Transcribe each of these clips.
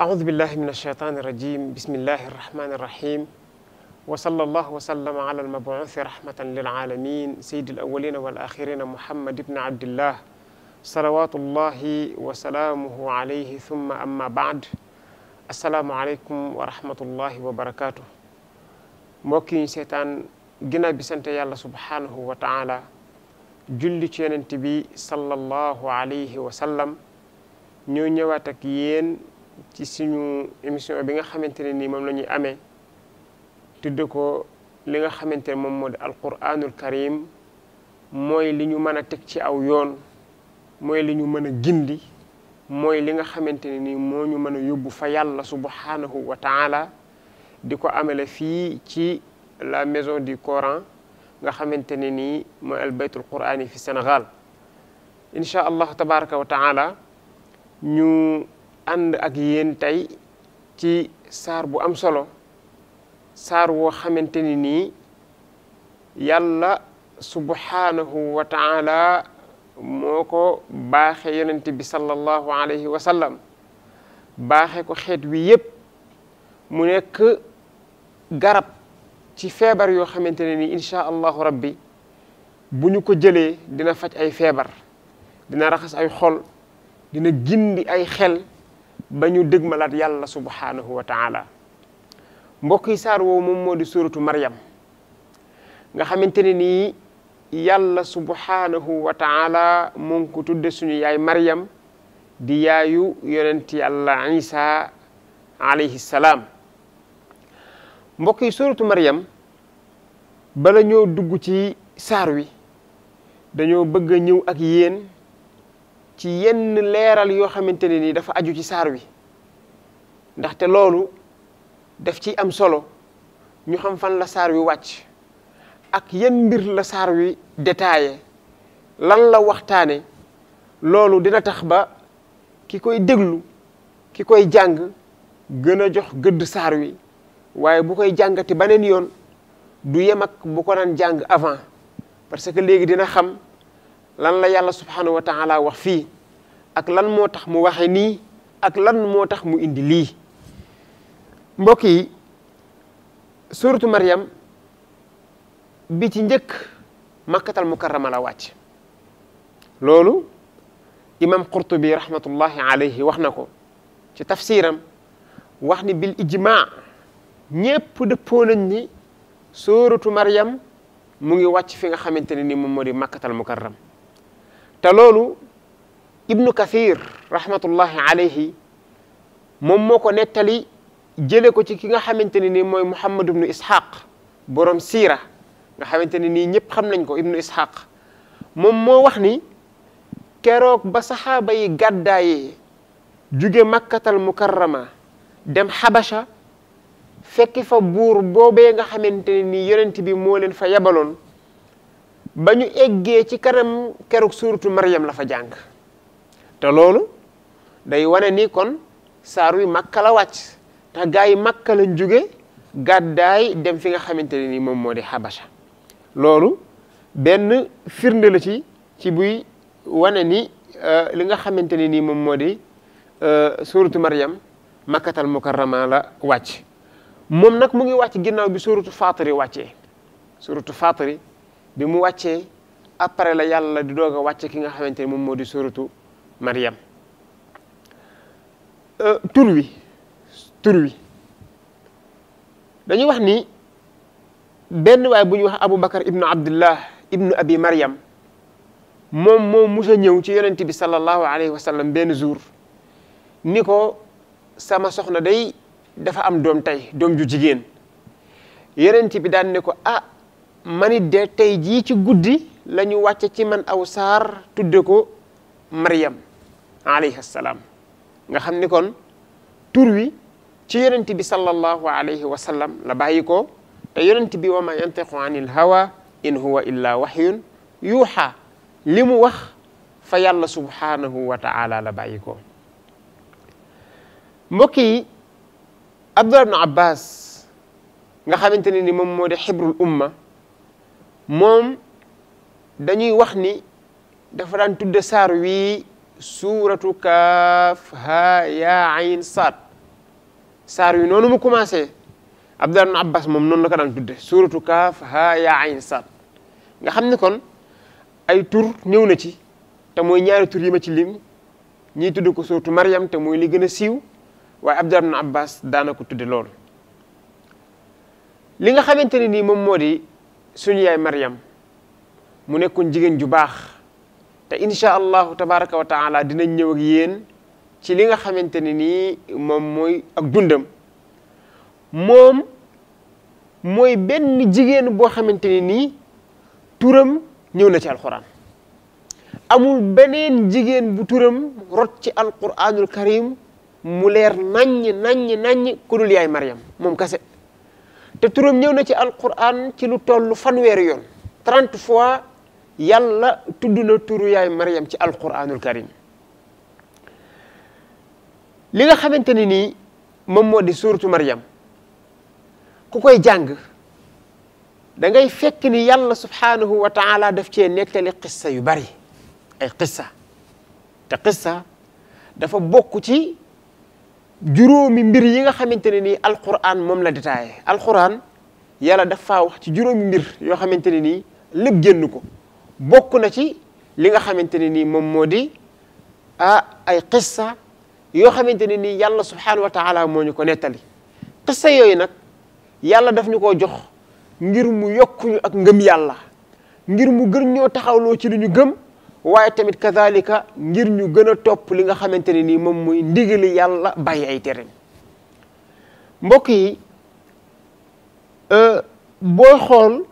أعوذ بالله من الشيطان الرجيم بسم الله الرحمن الرحيم وصلى الله وسلم على المبعوث رحمة للعالمين سيد الأولين والآخرين محمد بن عبد الله صلوات الله وسلامه عليه ثم أما بعد السلام عليكم ورحمة الله وبركاته موكين سيطان جنا بسنت الله سبحانه وتعالى جل ci تبي صلى الله عليه وسلم sallam ñëwaat ak yéen ci suñu émission bi nga xamante ne nii moom la ñuy amee tudd ko li nga xamante ne moom moo di alquranul karim mooy li ñu mën a teg ci aw yoon mooy li ñu mën a gindi mooy li nga xamante ne nii moo ñu mën a yóbbu fa yàlla subhanahu wa taala di ko amele fii ci la maison du Coran nga xamante ne nii mooy al baytul qurani fi Sénégal incha allahu tabaraka wa ñu ànd ak yéen tey ci saar bu am solo saar woo xamante ni nii yàlla subhaanahu wa taala moo ko baaxe yonent bi sallallahu alayhi wa sallam baaxe ko xeet wi yépp mu nekk garab ci feebar yoo xamante ne ni inchaa allahu rabbi bu ñu ko jëlee dina faj ay feebar dina raxas ay xol dina gindi ay xel ba ñu dëgmalaat yàlla subhaanahu wa taala mbokk yi saar woowu moom moo di suratu Maryam nga xamante ne nii yàlla subhaanahu wa taala mu ngi ko suñu yaay Maryam di yaayu yonent yàlla Isa alayhi salaam mbokk yi suratu Maryam bala ñoo dugg ci saar wi dañoo bëgg a ñëw ak yéen. ci yenn leeral yoo xamante ne ni dafa aju ci saar wi ndaxte loolu daf ci am solo ñu xam fan la saar wi wàcc ak yenn mbir la saar wi détaillé lan la waxtaane loolu dina tax ba ki koy déglu ki koy jàng gën a jox gëdd saar wi waaye bu koy jàngati baneen yoon du yem ak bu ko daan jàng avant parce que léegi dina xam lan la yàlla subhanahu wa taala wax fii ak lan moo tax mu waxe nii ak lan moo tax mu indi lii mbokk yi suratu Maryam bi ci njëkk makkatal mukarrama la wàcc loolu imam qurtubi rahmatullahi alayhi wax na ko ci tafsiram wax ni bil ijma ñépp dëppoo nañ ni suratu Maryam mu ngi wàcc fi nga xamante ne ni moom moo di makkatal mukarram te loolu ibnu kathir rahmatullahi alayhi moom moo ko nettali jële ko ci ki nga xamante ne nii mooy muhammad ibnu ishaq borom siira nga xamante ne nii ñëpp xam nañ ko ibnu ishaq moom moo wax ni keroog ba saxaaba yi gàddaayee jóge makkatal mukarrama dem xabasha fekki fa buur boobee nga xamante ne nii yonent bi moo leen fa yabaloon ba ñu eggee ci kanam keroog suuratu Maryam la fa jàng te loolu day wane ni kon saar yi Makka la wàcc te gaa yi Makka lañ jóge gàddaay dem fi nga xamante ne ni moom moo di Habasha loolu benn firnde la ci ci buy wane ni euh, li nga xamante ne ni moom moo di euh, suuratu Maryam Makkatal Mukarrama la wàcc moom nag mu ngi wàcc ginnaaw bi suuratu Faatiri wàccee suuratu Faatiri bi mu wàccee après la yàlla di doog a wàcce ki nga xamante ni moom moo di suratu Maryam euh, tur wi tur wi dañuy wax ni benn waay bu ñuy wax Abu Bakar ibnu Abdullah ibnu Abi Maryam moom moo mus a ñëw ci yonent bi sallallahu alayhi wa benn jour ni ko sama soxna day dafa am doom tey doom ju jigéen yonent bi daan ne ko ah. manit de tey jii ci guddi lañu ñu ci man aw saar tudde ko Maryam alayhi salaam nga xam ni kon tur wi ci yonent bi sallallahu alayhi wa sallam la bàyyi ko te yonent bi wa ma yantiqu anil hawa in huwa illa waxyun yuuxa li mu wax fa yàlla subhanahu wa ta'ala la bàyyi ko mbokk yi Abdullah ibn Abbas nga xamante ne ni moom moo di xibrul umma moom dañuy wax ni dafa daan tudde saar wii suuratu kaaf haa yaa ayn saad saar wi noonu mu commencé Abdullah ibn Abbas moom noonu la ko daan tudde suuratu kaaf haa yaa ayn saad nga xam ni kon ay tur ñëw na ci te mooy ñaari tur yi ma ci lim ñiy tudd ko suuratu mariyam te mooy li gën a siiw waaye Abdullah ibn Abbas daana ko tudde loolu li nga xamante ne nii moom moo di suñu yaay mariyam mu nekkoon jigéen ju baax te incha allahu tabaraka wa taala dinañ ñëw ak yéen ci li nga xamante ne nii moom mooy ak dundam moom mooy benn jigéen boo xamante ne nii turam ñëw na ci alquran amul beneen jigéen bu turam rot ci alquranul karim mu leer naññ naññ naññ ku dul yaay Maryam moom kase te turam ñëw na ci alquran ci lu fan weer yoon trent fois yàlla tudd na turu yaay Maryam ci alquranul karim li nga xamante ne nii moom moo di suuratu Maryam ku koy jàng da ngay fekk ni yàlla subhaanahu wa taala daf cee nettali yu bari ay qissa te qissa dafa bokk ci juróomi mbir yi nga xamante ne nii alquran moom la détaillé alquran yàlla dafa wax ci juróomi mbir yoo xamante ne nii lépp génn ko bokk na ci li nga xamante ne nii moom moo di ay qissa yoo xamante ne nii yàlla subhanahu wa moo ñu ko nettali qissa yooyu nag yàlla daf ñu ko jox ngir mu yokkuñu ak ngëm yàlla ngir mu gën ñoo taxawloo ci lu ñu gëm waaye tamit kazalika ngir ñu gën a topp li nga xamante ne nii moom mooy ndigali yàlla bàyyi ay tere mbokk yi euh, booy xool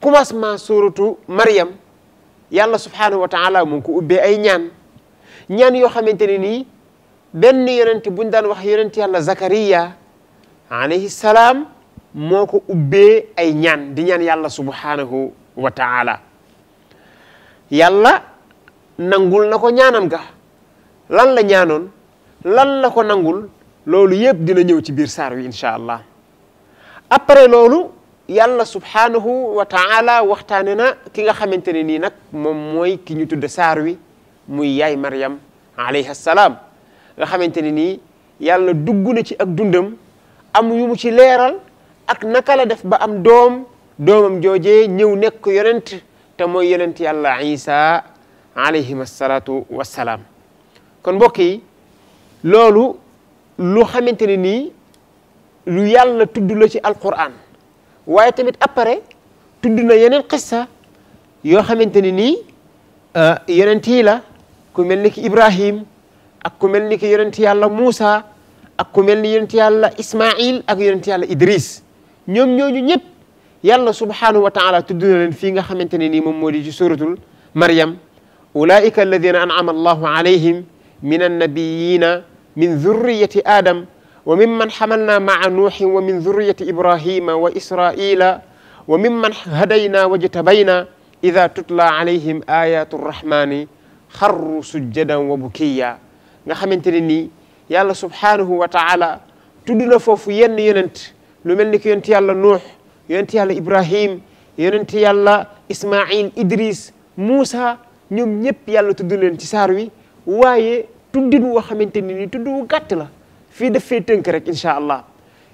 commencement suratu yàlla subhanahu wa taala mu ngi ko ubbee ay ñaan ñaan yoo xamante ne nii benn yonent buñ daan wax yonent yàlla Zakariya alayhi salaam moo ko ubbee ay ñaan di ñaan yàlla subhanahu wa taala nangul na ko ñaanam ga lan la ñaanoon lan la ko nangul loolu yëpp dina ñëw ci biir saar wi incha allah après loolu yàlla subhaanahu wa taala waxtaane na ki nga xamante ne nii nag moom mooy ki ñu tudd saar wi muy yaay mariyam alayha salaam nga xamante ni nii yàlla dugg na ci ak dundam am yu ci leeral ak naka la def ba am doom doomam jooje ñëw nekk yonent te mooy yonent yàlla Isa عليه الصلاة والسلام كن بوكي لولو لو خامتيني ني لو يالا تودو لاشي القران واي تاميت ابري تودنا يينن قصه يو خامتيني ني ا آه، يونتي لا كو ملني ابراهيم اك كو ملني يونتي الله موسى اك كو ملني الله اسماعيل اك يونتي الله ادريس نيوم نيوجو نييب يالا سبحانه وتعالى تودنا لن فيغا خامتيني ني موم مودي أولئك الذين أنعم الله عليهم من النبيين من ذرية آدم وممن حملنا مع نوح ومن ذرية إبراهيم وإسرائيل وممن هدينا وجتبينا إذا تتلى عليهم آيات الرحمن خروا سجدا وبكيا نحن تريني يا الله سبحانه وتعالى تدنا فوف ين ينت لمنك ينت يا الله نوح ينت يا الله إبراهيم ينت يا الله إسماعيل إدريس موسى ñoom ñëpp yàlla tudd leen ci saar wi waaye tuddin woo xamante ni ni tudd wu gàtt la fii daf fay tënk rek incha allah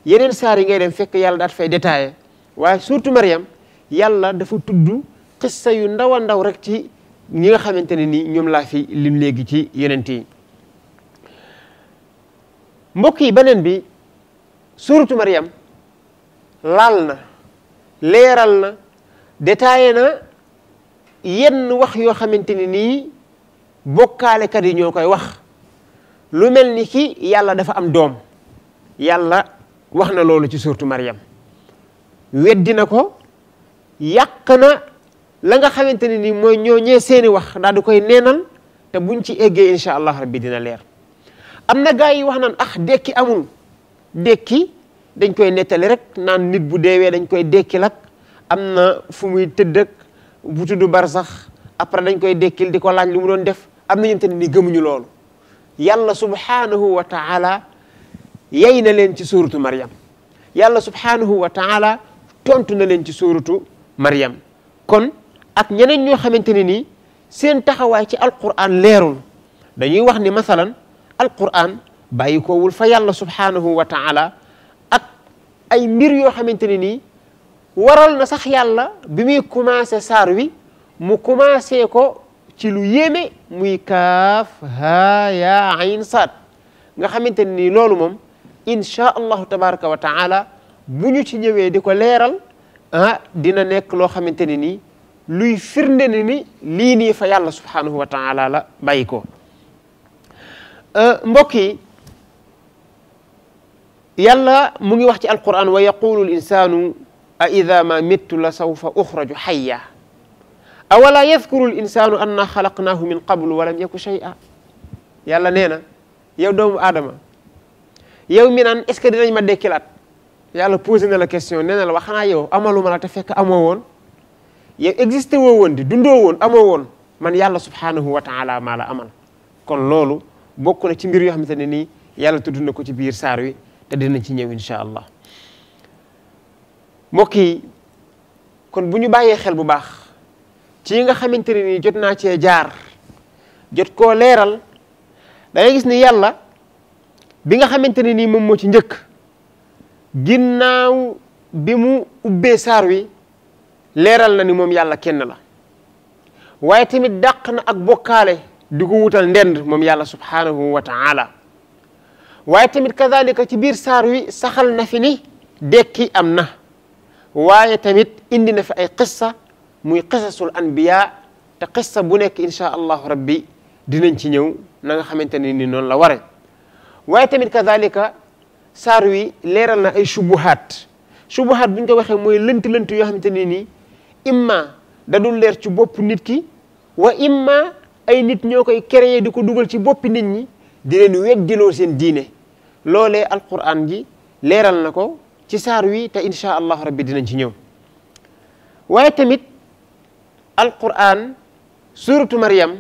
yeneen saar yi ngay dem fekk yàlla daat fay détaillé waaye surtout Mariam yàlla dafa tudd xissa yu ndaw a ndaw rek ci ñi nga xamante ne ni ñoom laa fi lim léegi ci yeneen yi mbokk yi beneen bi suurtu Mariam laal na leeral na détaillé na yenn wax yoo xamante ni nii bokkaalekat yi ñoo koy wax lu mel ni ki yàlla dafa am doom yàlla wax na loolu ci suurtu Maryam weddi na ko yàq na la nga xamante ni nii mooy ñoo ñee seeni wax daal di koy neenal te buñ ci eggee incha allah rabbi dina leer am na gaa yi wax naan ah dekki amul dëkki dañ koy nettali rek naan nit bu deewee dañ koy dekki lak am na fu muy tëdd bu tudd barsax après dañ koy dekkil di ko laaj lu mu doon def am na ñoom tamit ni gëmuñu loolu yàlla subhanahu wa taala yey na leen ci suuratu Maryam yàlla subhanahu wa taala tontu na leen ci suuratu Maryam kon ak ñeneen ñoo xamante ne nii seen taxawaay ci alquran leerul dañuy wax ni masalan alquran bàyyi koowul fa yàlla subhanahu wa taala ak ay mbir yoo xamante ne nii waral na sax yàlla bi muy commencé saar wi mu commencé ko ci lu yéeme muy kaaf haa yaa ayn saad nga xamante ni loolu moom inchaa allahu tabaraka wa taala bu ñu ci ñëwee di ko leeral ah dina nekk loo xamante ni nii luy firnde ne ni lii nii fa yàlla subhanahu wa taala la bàyyi ko mbokk yi yàlla mu ngi wax ci alquran wa yaqulu l أإذا ما مت لسوف أخرج حيا أولا يذكر الإنسان أنا خلقناه من قبل ولم يك شيئا yàlla nee na yow doomu aadama yow mi naan est-ce que dinañ ma dekkilaat yàlla posé na la question nee na la wax xanaa yow amalu ma la te fekk amoo woon yow existé woo woon di dundoo woon amoo woon man yàlla subhanahu wa taala maa la amal kon loolu bokk na ci mbir yoo xamante ne nii yàlla tudd na ko ci biir saar wi te dinañ ci ñëw incha allah mbokk yi kon bu ñu bàyyee xel bu baax ci yi nga xamante ni jot naa cee jaar jot koo leeral da gis ni yàlla bi nga xamante ne nii moom moo ci njëkk ginnaaw bi mu ubbee saar wi leeral na ni moom yàlla kenn la waaye tamit dàq na ak bokkaale di ko wutal ndend moom yàlla subhanahu wa waaye tamit kazalika ci biir saar wi saxal na fi ni dekki am na waaye tamit indi na fi ay qissa muy qisasul anbiya te qissa bu nekk insha allahu rabbi dinañ ci ñëw na nga xamante ne ni noonu la ware waaye tamit kadalika saar wi leeral na ay shubuhaat shubuhaat bu ñu ko waxee mooy lënt-lënt yoo xamante ne nii imma da dul leer ci bopp nit ki wa imma ay nit ñoo koy créer di ko dugal ci boppi nit ñi di leen weddiloo seen diine loolee alquran ji leeral na ko ci saar wi te incha allahu rabbi dinañ ci ñëw waaye tamit alquran suratu Maryam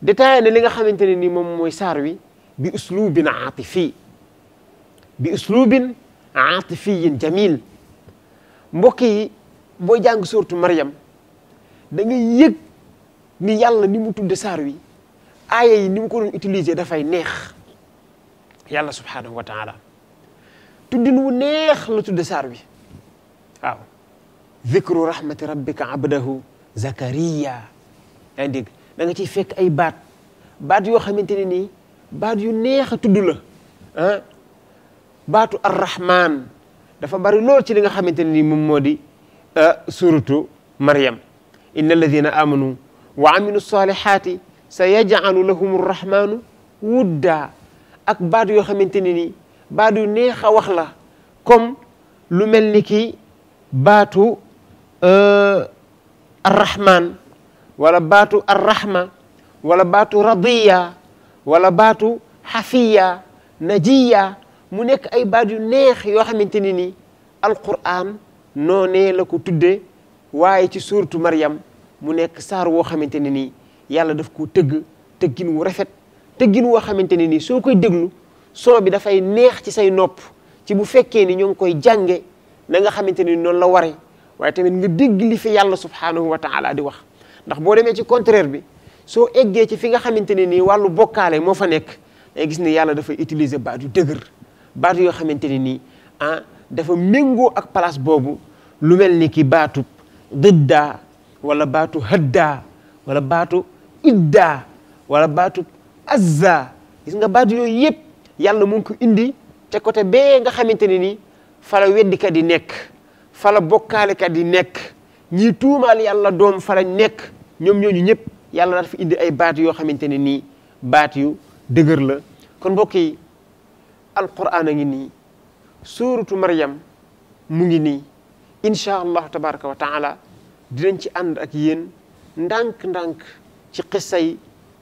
détaillé na li nga xamante ne ni moom mooy saar wi bi uslubin aatifi bi uslubin aatifiyin jamil mbokk yi boo jàng suratu Maryam danga nga ni yàlla ni mu tudde saar wi aaya yi ni mu ko doon dafay neex yàlla subhanahu wa taala tuddin wu neex la tudde saar bi waaw zikru rahmati rabbika abdahu zakariya yaa ngi dégg da nga ciy fekk ay baat baat yoo xamante ne nii baat yu neex a tudd la ah baatu arrahman dafa bari lool ci li nga xamante ne nii moom moo di suratu maryam inna alladina amanu wa amilu salihati sa yajcalu lahum arrahmanu wudda ak baat yoo xamante ne nii baat yu neex a wax la comme lu mel ni ki baatu euh, arrahman walla baatu arrahma wala baatu radiya wala baatu xafiya najiya mu nekk ay baat yu neex yoo xamante ni ni noo noonee la ko tudde waaye ci suurtu Maryam mu nekk saar woo xamante ne nii yàlla daf ko tëgg gin wu rafet tëggin woo xamante ne nii soo koy déglu soo bi dafay neex ci say nopp ci bu fekkee ni ñoo ngi koy jànge na nga xamante ni noonu la ware waaye tamit nga dégg li fi yàlla subhanahu wa taala di wax ndax boo demee ci contraire bi soo eggee ci fi nga xamante ne nii wàllu bokkaale moo fa nekk day gis ne yàlla dafay utiliser baat yu dëgër baat yoo xamante ne nii ah dafa méngoo ak place boobu lu mel ni ki baatu dëddaa wala baatu hëddaa walla baatu iddaa wala baatu azza gis nga baatu yooyu yëpp yalla mu ko indi ca côté bee nga la ne ni di nek fa la fala ka di nek ñi tuumal yalla doom la nek ñom ñooñu ñëpp yàlla daal fi indi ay baat yo xamanteni ni baat yu dëgër la kon mbokk yi alquran ngi ni suratu maryam mu ngi ni inshallah allahu wa taala dinañ ci and ak yeen ndank ndank ci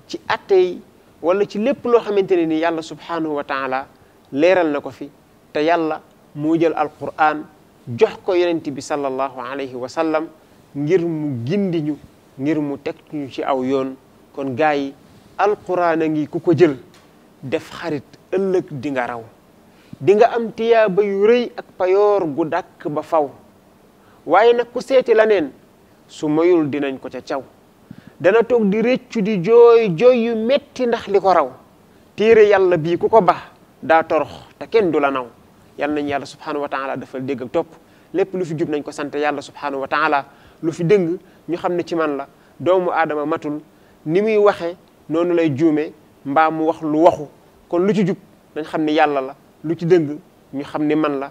ci atay wala ci lépp loo xamante ne ni yàlla subhanahu wa taala leeral na ko fi te yàlla moo jël alquran jox ko yonent bi sallallahu alayhi wa sallam ngir mu gindi ñu ngir mu teg ñu ci aw yoon kon gars yi alquran a ngi ku ko jël def xarit ëllëg dinga raw di nga am tiyaaba yu rëy ak payoor gu dakk ba faw waaye nag ku seeti la neen su mayul dinañ ko ca caw dana toog di rëccu di jooy jooy yu metti ndax li ko raw téere yàlla bii ku ko bax daa torox te kenn du la naw yal nañ yàlla subhanahu wa taala dafal dégg topp lépp lu fi jub nañ ko sant yàlla subhanahu wa taala lu fi dëng ñu xam ne ci man la doomu aadama matul ni muy waxe noonu lay juume mbaa mu wax lu waxu kon lu ci jub dañ xam ne yàlla la lu ci dëng ñu xam ne man la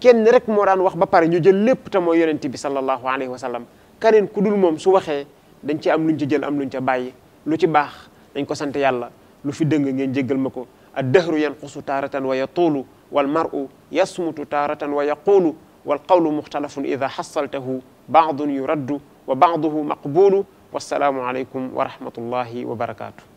kenn rek moo daan wax ba pare ñu jël lépp te mooy yonent bi sallallahu alayhi wa sallam kaneen ku dul moom su waxee dañ ci am luñ ci jël am luñ ca bàyyi lu ci baax dañ ko sant yàlla lu fi dëng ngeen jéggal ma ko ad dahru yanqusu taaratan wa yatuulu wal maru yasmutu taaratan wa yaquulu wal qawlu muxtalafun ida xasaltahu baadun yuraddu wa baaduhu maqbuulu wassalaamu aleykum wa rahmatullahi wa barakaatu